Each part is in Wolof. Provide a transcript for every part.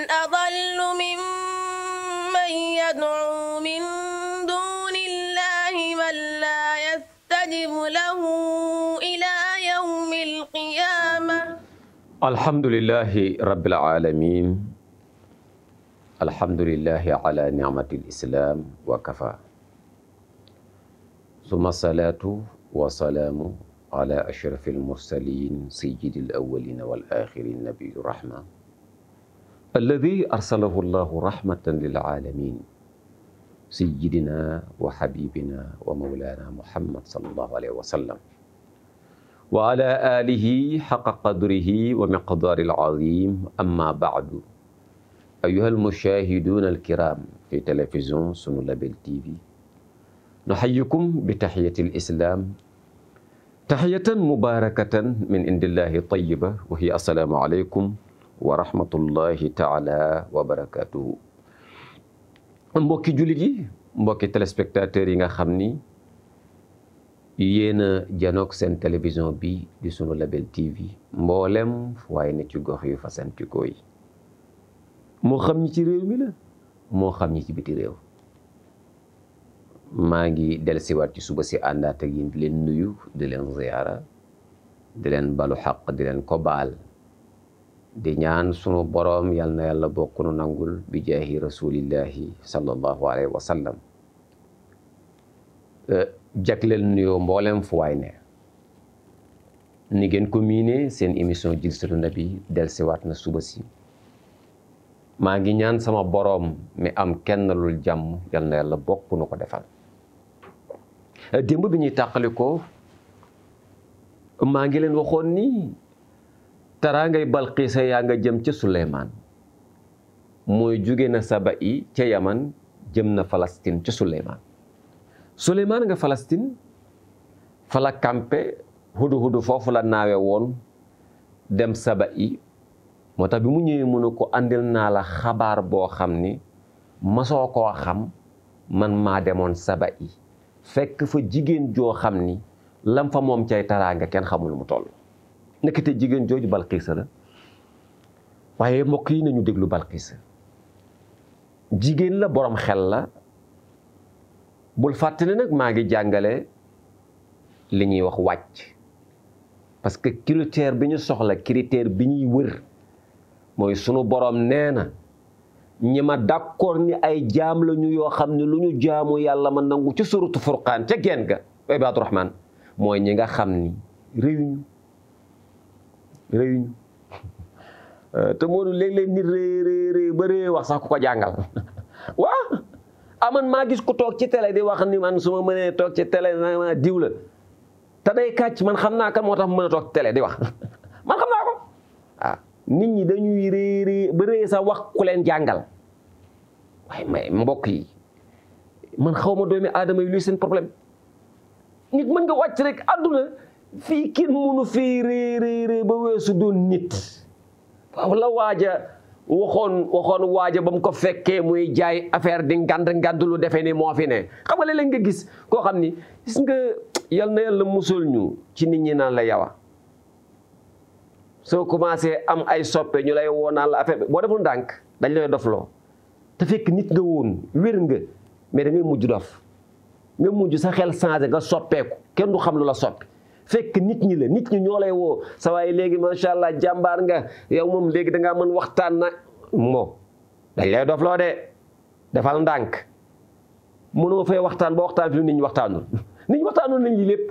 أضل ممن يدعو من دون الله من لا يستجب له إلى يوم القيامة الحمد لله رب العالمين الحمد لله على نعمة الإسلام وكفى ثم الصلاة والسلام على أشرف المرسلين سيد الأولين والآخرين نبي الرحمة alladi arsalahu llahu rahmatan lil aalamin sayyidina wa habibina wa mawlana muhammad sallallahu alayhi wa sallam wa ala alihi xaqa qadrihi wa miqdaari alazim amma baadu ayuha almushahiduuna alkiram fi télévision sunu label tv nuxayikum bi taxiyati alislam taxiyatan mubarakatan min indillahi tayiba wa hiya assalaamu alaykum wa rahmatullahi taala wa barakaatuhu mbokki jullit yi mbokki téléspectateurs yi nga xam ni yéen a janoog seen télévision bi di sunu label TV mboolem waaye ne ci gox yu fasantikoo yi moo xam ñi ci réew mi la moo xam ñi ci biti réew maa ngi dellusiwaat ci suba si àndaat ak yéen di leen nuyu di leen ziyaara di leen balu xaq di leen ko baal di ñaan sunu boroom yal na yàlla bokk nu nangul bi jaahi rasulillahi sallallahu alayhi wa sallam jagleel nuyoo mboolem fu waay ne ni ngeen ko miine seen émission jilsatu nabi delsiwaat na suba si maa ngi ñaan sama boroom mi am kenn lul jàmm yal na yàlla bokk ko defal démb bi ñuy tàqali ko maa waxoon ni taraangay balqiisa yaa nga jëm ca suleymaan mooy jóge na saba i ca jëm na Palestine ca suleymaan suleymaan nga Palestine fa la kampe hudu hudu foofu la naawe woon dem saba i moo tax bi mu ñëwee mënu ko andil naa la xabaar boo xam ni masoo koo xam man maa demoon saba i fekk fa jigéen joo xam ni lam fa moom cay taraanga kenn xamul mu toll nekkate jigéen jooju Balxiisa la waaye mbokk yi nañu déglu Balxiisa jigéen la borom xel la bul fàtte ne nag maa ngi jàngale li ñuy wax wàcc parce que critère bi ñu soxla critère bi ñuy wër mooy sunu boroom nee na ñi ma d'accord ni ay jaam lañu yoo xam ne lu ñu jaamu yàlla ma nangu ci suratu furqaan ca geen ga ibaadu rahmaan mooy ñi nga xam ni réew réyuñu euh, te Modou léeg-léeg nit ree ree wax sax ku ko jàngal waa aman ah, maa gis ku toog ci tele di wax ni man suma ma mënee toog ci télé ma diw la te day kàcc man xam naa kan moo tax mu mën a toog télé di wax man xam naa ko ah, nit ñi dañuy ree ree ba ree sax wax ku leen jàngal waaye may mbokk yi man xaw ma doomi aadama yi luy seen problème nit mën nga wàcc rek àdduna fii kenn mënu fii ree ba weesu doon nit waaw la waaja waxoon waxoon waaja ba mu ko fekkee muy jaay affaire di ngand ngand lu defee ni moo fi ne xam nga léeg-léeg nga gis koo xam ni gis nga yal na yàlla musul ñu ci nit ñi naan la yawa soo commencé am ay soppee ñu lay woo naan la affaire bi boo deful ndànk dañ lay dofloo te fekk nit nga woon wér nga mais da ngay mujj dof nga mujj sa xel changé nga soppeeku kenn du xam lu la soppi fekk nit ñi la nit ñi ñoo lay woo sa waaye léegi macha allah jàmbaar nga yow moom léegi da ngaa mën waxtaan na moom dañ lay dof loo de defal ndànk noo fay waxtaan ba waxtaan fi nit ñi waxtaanul nit ñi waxtaanul nañ li lépp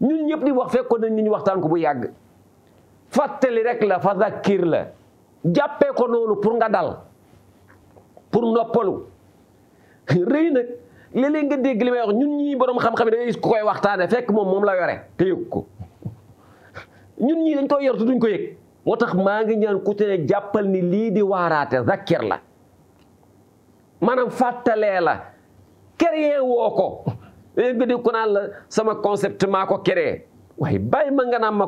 ñun ñëpp di wax fekkoon nañ nit ñi waxtaan ko bu yàgg fàttali rek la fa zakkir la jàppee ko noonu pour nga dal pour noppalu rëy nag léeg-léeg nga dégg li may wax ñun ñii borom xam-xam yi dañuy ku koy waxtaane fekk moom moom la yore te yëg ko ñun ñii dañ koy yor te duñ ko yëg moo tax maa ngi ñaan ku te jàppal ni lii di waaraate zakkir la maanaam fàttalee la créé woo ko léegi nga dégg ko naan la sama concept maa ko créé waaye bàyyi ma nga naan ma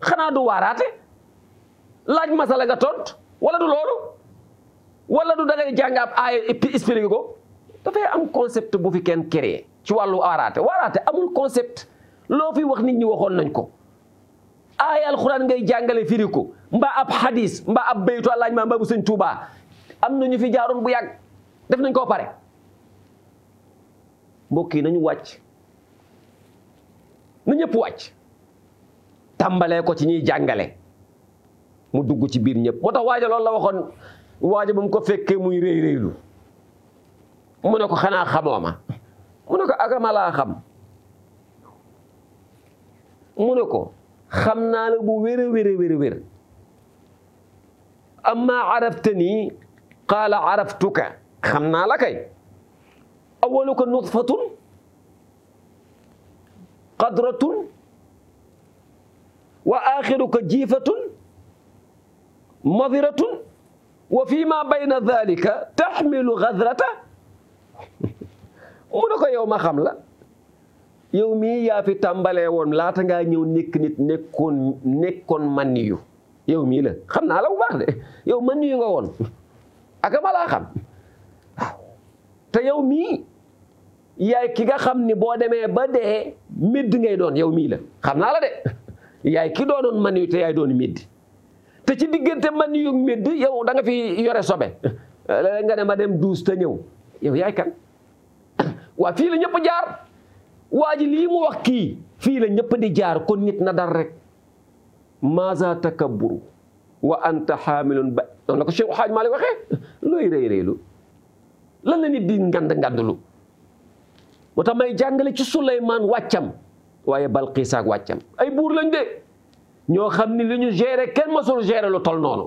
xanaa du waaraate laaj masala nga tont wala du loolu wala du dangay jàng ab aaya expliqué ko dafay am concept bu fi kenn créé ci wàllu waaraate waaraate amul concept loo fi wax nit ñi waxoon nañ ko aaya alxuraan ngay jàngale firi ko mbaa ab hadis mbaa ab baytu alaaj ma mbaa bu sëñ Tuubaa am na ñu fi jaaroon bu yàgg def nañ koo pare mbokk yi nañu wàcc na ñëpp wàcc tàmbalee ko ci ñuy jàngale mu dugg ci biir ñëpp moo tax waaja loolu la waxoon waaja ba ko fekkee muy réy réylu mu ne ko xanaa xamoo ma mu ne ko akama laa xam mu ne ko xam naa la bu wér a wér a wér a wér amma araftani qaala araftuka xam naa la kay awaluka nutfatun qadratun wa axiruka jiifatun madiratun wa fi ma bayna dalika taxmilu gadrata mu ne ko yow ma xam la yow mii yaafi fi tàmbalee woon laata ngaa ñëw nekk nit nekkoon man yu yow mii la xam naa la bu baax de yow man xam te yow mii yaay ki nga xam ni boo demee ba dee midd ngay doon yow mii la xam naa la de yaay ki doonoon man yu te yaay doon midd te ci diggante man yu midd yow danga fi yore sobe nga ne ma dem duus te ñëw yow yaay kan waa fii la ñëpp jaar waa ji lii mu wax kii fii la ñëpp di jaar kon nit na dal rek maza takabburu wa anta xaamilun ba noonu la ko Cheikh Xaaj Maalik waxee looy rëy rëylu lan la nit di ngand ngandlu moo tax may jàngale ci Suleymaan wàccam waaye Balqiis ak wàccam ay buur lañ de ñoo xam ni li ñu géré kenn masul géré lu tol noonu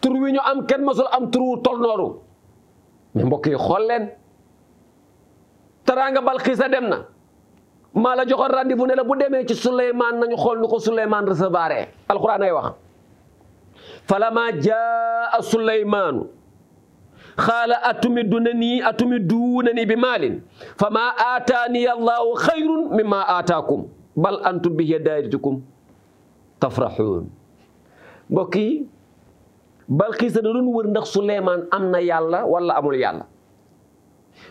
tur wi ñu am kenn masul am tur wu tol noonu mais mbokk yi xool leen taraanga dem na maa la joxoon rendez-vous bu demee ci Souleymane nañu xool nu ko Souleymane recevoir alxuraan ay wax falammaa jaa Souleymane xaala atumidunanii atumidunanii bi maalin fa maa aataaniya allaahu xayrun mimmaa aataakum bal antum bihi daa'iratikum tafraxuun balxiisa da doon wër ndax suleymaan am na yàlla wala amul yàlla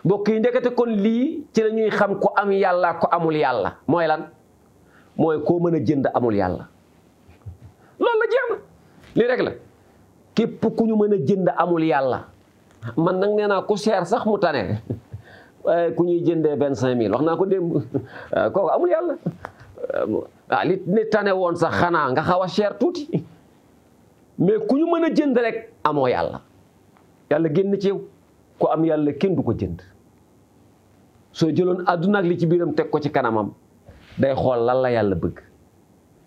mbokk yi ndekete kon lii ci la ñuy xam ko am yàlla ko amul yàlla mooy lan mooy koo mën a jënd amul yàlla loolu la jeex la képp ku ñu mën a jënd amul yàlla man nag nee naa ku seer sax mu tane waaye ku ñuy jëndee vint cinq mille wax naa ko démb kooku amul yàlla ah li tane woon sax xanaa nga xaw a seer tuuti mais ku ñu mën a jënd rek amoo yàlla yàlla génn ci yow ku am yàlla kenn du ko jënd soo jëloon àdduna li ci biiram teg ko ci kanamam day xool lan la yàlla bëgg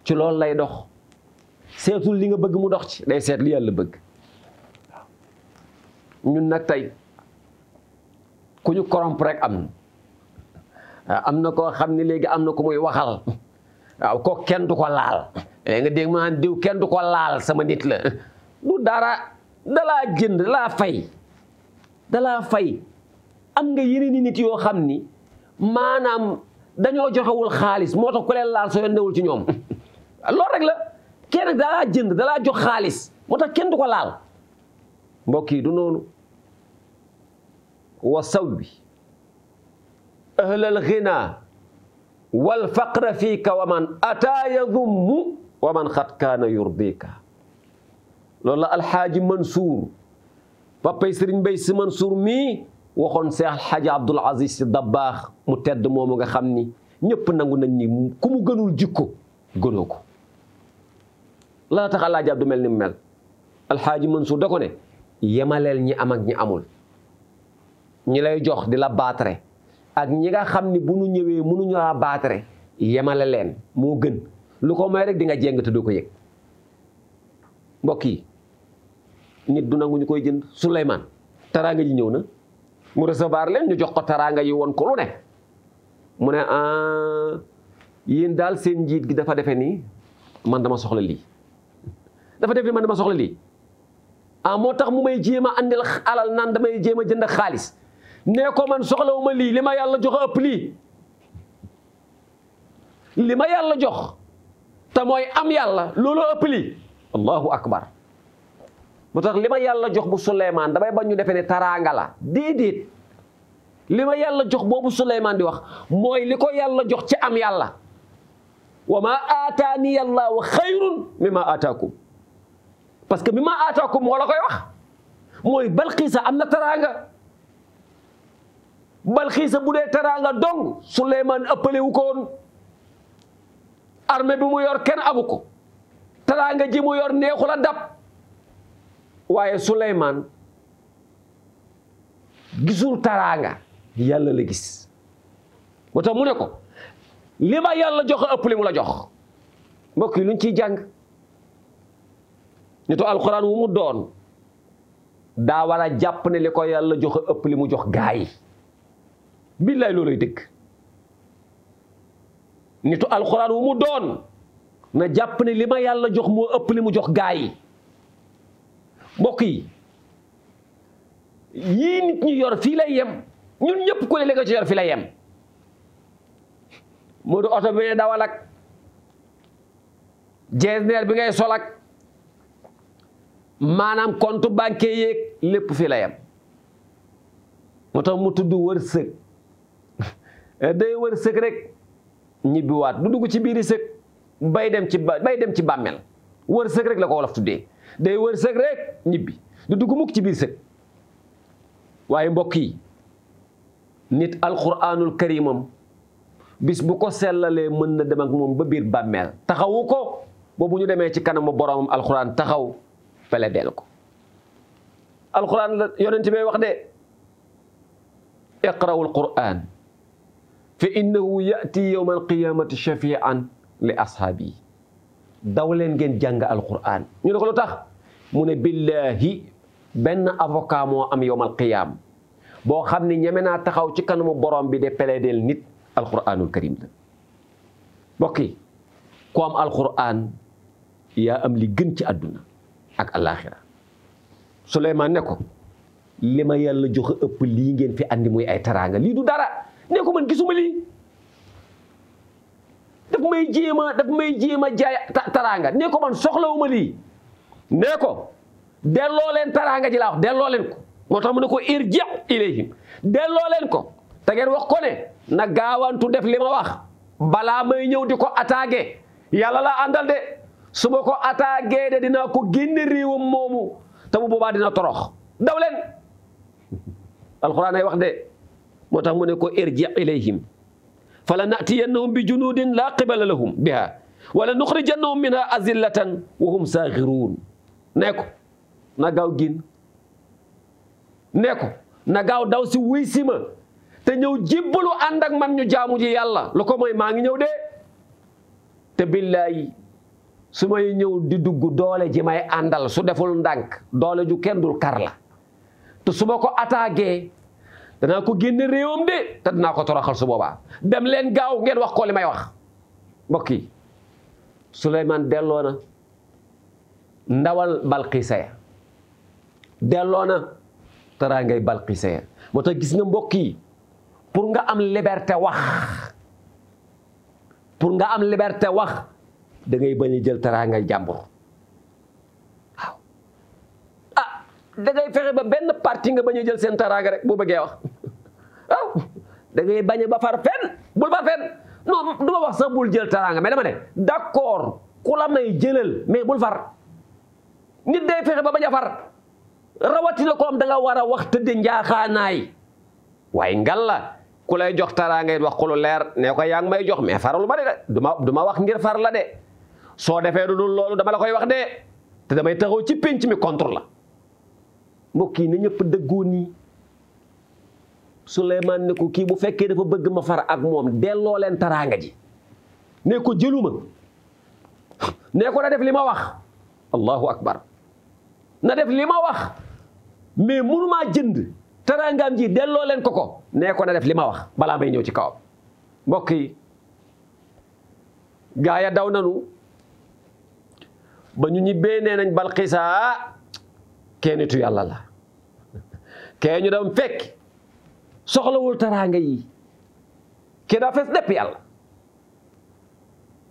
ci loolu lay dox seetul li nga bëgg mu dox ci day seet li yàlla bëgg ñun nag tey ku ñu corrompre rek am na am na koo xam ne léegi am na ku muy waxal waaw ko kenn du ko laal léegi eh, nga dégg ma diw kenn du ko laal sama nit la du dara dalaa jënd dalaa fay dalaa fay am nga yeneen nit yoo xam ni maanaam dañoo joxewul xaalis moo tax ku laal soo yónneewul ci ñoom loolu rek la kenn dalaa jënd dalaa jox xaalis moo tax kenn du ko laal mbokk yi du noonu wa sawwi ahlal ghina wal faqra fii ka waman ataa yadummu wa man xat kaana yurdika loolu la alxaaji Mansour papay sëriñ bay Si Mansour mii waxoon Seex alxaaji Abdul Aziz Si Dabbaax mu tedd moomu nga xam ni ñëpp nangu nañ ni ku mu gënul jikko gënoo ko la tax alaaji Abdu mel ni mu mel alxaaji Mansour da ko ne yemaleel ñi am ak ñi amul ñi lay jox di la baatare ak ñi nga xam ni bu ñu ñëwee mënuñu laa baatare yemale leen moo gën lu ko may rek di nga jéng ko yëg mbokk yi nit du nangu ñu koy jënd Souleymane taraanga ji ñëw na mu recevoir leen ñu jox ko taraanga yi woon ko mu ne ah yéen daal seen njiit gi dafa defe nii man dama soxla lii dafa defe nii man dama soxla lii ah moo tax mu may jéem a àndil alal naan damay jéem a jënd xaalis nee ko man soxlawuma lii li ma yàlla jox a ëpp lii li ma yàlla jox te mooy am yàlla looloo ëpp allahu akbar mu tax li ma yàlla jox bu Souleymane damay bañ ñu defee taraangala taraanga la déedéet yàlla jox boobu Souleymane di wax mooy li ko yàlla jox ci am yàlla wa ma aataani allahu xayrun mimma aataakum parce que mimma aataakum moo la koy wax mooy balxiisa am na taraanga balxiisa bu dee taraanga dong Souleymane ëppale wu ko armée bi mu yor kenn abu ko taraanga ji mu yor neexul a dab waaye Suleymaan gisul taraanga yàlla la gis moo mu ne ko li yàlla jox ëpp li mu la jox mbokk yi luñ ci jàng ñu to alxuraan wu mu doon daa war jàpp ne li ko yàlla jox ëpp li mu jox gaa yi billaay looloy dëgg nitu alxuraan wu mu doon na jàpp ne lima ma yàlla jox moo ëpp li mu jox gaa yi mbokk yi yii nit ñi yor fii lay yem ñun ñëpp ku ne li nga ci lay yem moo du oto bi ngay dawal ak jeesneer bi nga sol ak maanaam compte bank yeeg lépp fii lay yem moo mu tudd wërsëg day wërsëg rek ñibbiwaat du dugg ci biir sëg bay dem ci bay dem ci bàmmeel wër sëg rek la ko wolof tuddee day wër sëg rek ñibbi du dugg mukk ci biir sëg waaye mbokk yi nit alquranul karimam bis bu ko sellalee mën na dem ko moom ba biir bàmmeel taxawu ko ba ñu demee ci kanamu boromam alquran taxaw pele del ko alquran la yonent bay wax de iqrawul quran fa innahu yati yowma alqiyamati shafian li ashaabi daw leen ngeen jàng alquran ñu ne tax mu ne billahi benn avocat moo am yowmal qiyaam boo xam ni ñeme naa taxaw ci kanamu borom bi de plaideel nit alquranul karim la mbokk yi ku am alquran yaa am li gën ci àdduna ak alaxira Suleymaan ne ko li ma yàlla joxe ëpp lii ngeen fi andi muy ay teraanga lii du dara nee ko man gisuma lii daf may jéem a may jéem a jaay taraanga nee ko man soxlawuma lii nee ko delloo leen taraanga ji laa delloo leen ko moo tax mu ne ko irji ilayhim delloo leen ko te ngeen wax ko ne na gaawantu def li ma wax balaa may ñëw di ko attaqué yàlla laa àndal de su ma ko attaqué de dinaa ko génne réewam moomu te bu dina torox daw leen wax de moo tax mu ne ko irji ilayhim fala natiyannahum bi junudin laa qibala lahum biha wala nuxrijannahum minha azillatan wa hum saaxiruun nee ko na gaaw génn nee ko na gaaw daw si wuy si ma te ñëw jébbalu ànd ak man ñu jaamu ji yàlla lu ko mooy maa ngi ñëw de te billaay su may ñëw di dugg doole ji may àndal su deful ndànk doole ju kenn dul kar su ma ko attaqué danaa ko génne réewam de te danaa ko toroxal su boobaa dem leen gaaw ngeen wax ko li may wax mbokk yi Souleymane delloo na ndawal Balqiisa ya delloo na taraangay Balqiisa ya moo tax gis nga mbokk yi pour nga am liberté wax pour nga am liberté wax dangay ngay bañ a jël taraangay jàmbur da ngay fexe ba benn parti nga bañ a jël seen taraaga rek bu bëggee wax waaw ah, da ngay bañ ba far fenn bul far fenn non du ma wax sax bul jël taraanga mais dama ne d'accord ku la may jëlal mais bul far nit day fexe ba bañ a far rawatina ko am da nga war a wax tëdde njaaxaanaay waaye ngalla ku lay jox taraanga it wax ku lu leer ne ko yaa ngi may jox mais faralu ma de du ma du wax ngir far la de soo defee du dul loolu dama la koy wax de te damay taxaw ci pénc mi contre la mbokk yi na ñëpp dëggoo nii Souleymane ne ko kii bu fekkee dafa bëgg ma far ak moom delloo leen taraanga ji ne ko jëluma ne ko na def li ma wax allahu akbar na def li ma wax mais mënumaa jënd taraangaam ji delloo leen ko ko ne ko na def li ma wax balaa may ñëw ci kawam mbokk yi gaaya daw nanu ba ñu ñibbee nee nañ balxiisa kee nitu yàlla la kee ñu dem fekk soxlawul taraanga yi kii daa fees depp yàlla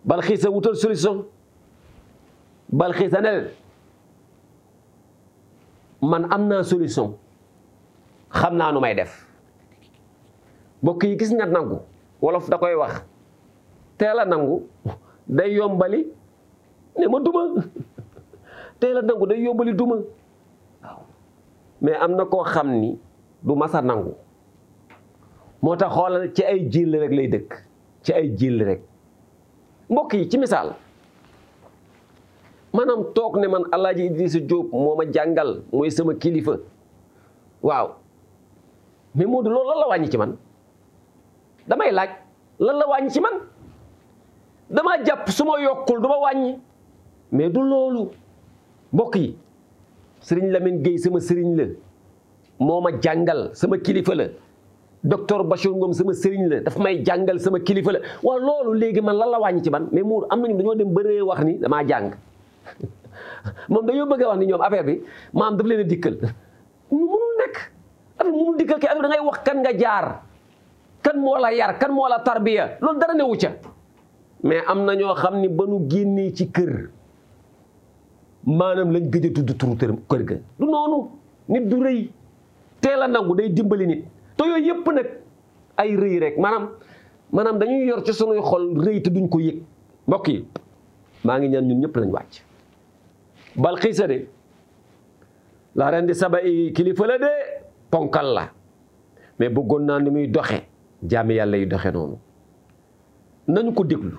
bal xiisa wutal solution bal xiisa ne leen man am naa solution xam naa nu may def mbokk yi gis nga nangu wolof da koy wax teel a nangu day yombali ne ma duma teel nangu day yombali duma waaw mais am na koo xam ni du masa nangu moo tax xoolal ci ay jill rek lay dëkk ci ay jill rek mbokk yi ci misaal maanaam toog ne man Alaaji Idrissa Diop moo ma jàngal mooy sama kilifa waaw mais Modou loolu lan la wàññi ci man damay laaj lan la wàññi ci man damaa jàpp suma ma yokkul du wàññi mais du loolu mbokk yi sëriñ Lamine Guèye sama sëriñ la moo ma jàngal sama kilifa la docteur Bachir Ngom sama sëriñ la dafa may jàngal sama kilifa la waaw loolu léegi man lan la wàññi ci man mais muur am nañu dañoo dem bëree wax ni damaa jàng moom dañoo bëgg a wax ni ñoom affaire bi maam daf leen a dikkal ñu munul nekk affaire munul dikkal kii affaire da ngay wax kan nga jaar kan moo la yar kan moo la tarbiya loolu dara newu ca mais am na ñoo xam ni ba nu génnee ci kër maanaam lañ gëj a tudd turu tëram kër ga du noonu nit du rëy teel a nangu day dimbali nit te yooyu yëpp nag ay rëy rek maanaam maanaam dañuy yor ci sunuy xol rëy te duñ ko yëg mbokk yi maa ngi ñaan ñun ñëpp lañ wàcc Balxiisa de la rendi Saba yi kilifa la de ponkal la mais bëggoon naa ni muy doxe jaami yàlla yi doxe noonu nañu ko déglu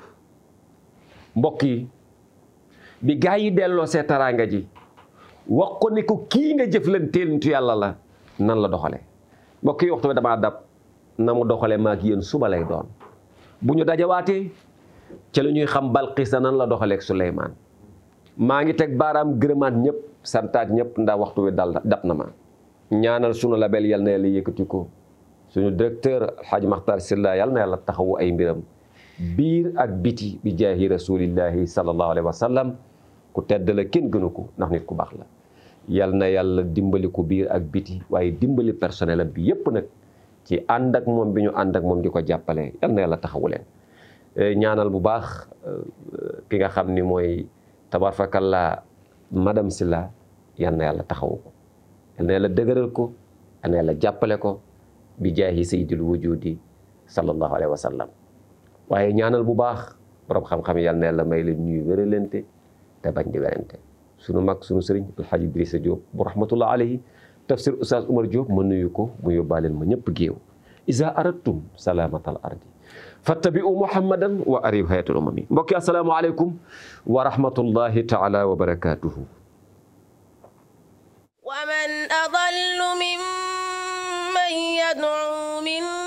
mbokk yi bi gaa yi delloo see taraanga ji wax ko ne ko kii nga jëf jëflanteel nitu yàlla la nan la doxale mbokk yi waxtu bi damaa dab na mu doxale maag yéen suba lay bu ñu dajawaatee ca la ñuy xam Balqisa nan la doxaleeg Suleymaan maa ngi teg baaraam gërëmaat ñëpp santaat ñëpp ndaa waxtu wi dal dab na ma ñaanal sunu label yal na yàlla yëkkati ko suñu directeur Alxaaji Maxtaar Silla yal na yàlla taxawu ay mbiram biir ak biti bi jaahi rasulillahi sallallahu alayhi wa sallam ku tedd kenn gënu ko ndax nit ku baax la yal na yàlla dimbali ko biir ak biti waaye dimbali personnel am bi yépp nag ci ànd ak moom bi ñu ànd ak moom di ko jàppale yal na yàlla taxawu e, ñaanal bu baax e, ki nga xam ni mooy la madame Silla yal na yàlla taxawu ko yal na yàlla dëgëral ko yal na yàlla jàppale ko bi jaahi sayyidil wujudi sallallahu alayhi wa sallam waaye ñaanal bu baax borom xam-xam yàlla na yàlla may leen ñuy wérelente te bañ di werante sunu mag sunu sëriñ alxaaji Idrissa Diop bu rahmatullah alayhi tafsir oustaz Oumar Diop ma nu ko mu yóbbaaleel ma ñëpp géew isa aradtum salamatal ardi fattabi'u muhammadan wa ariw hayatul umami mbokki assalaamu aleykum wa rahmatullahi taala wa barakatuhu wa man adallu mimman yad'u min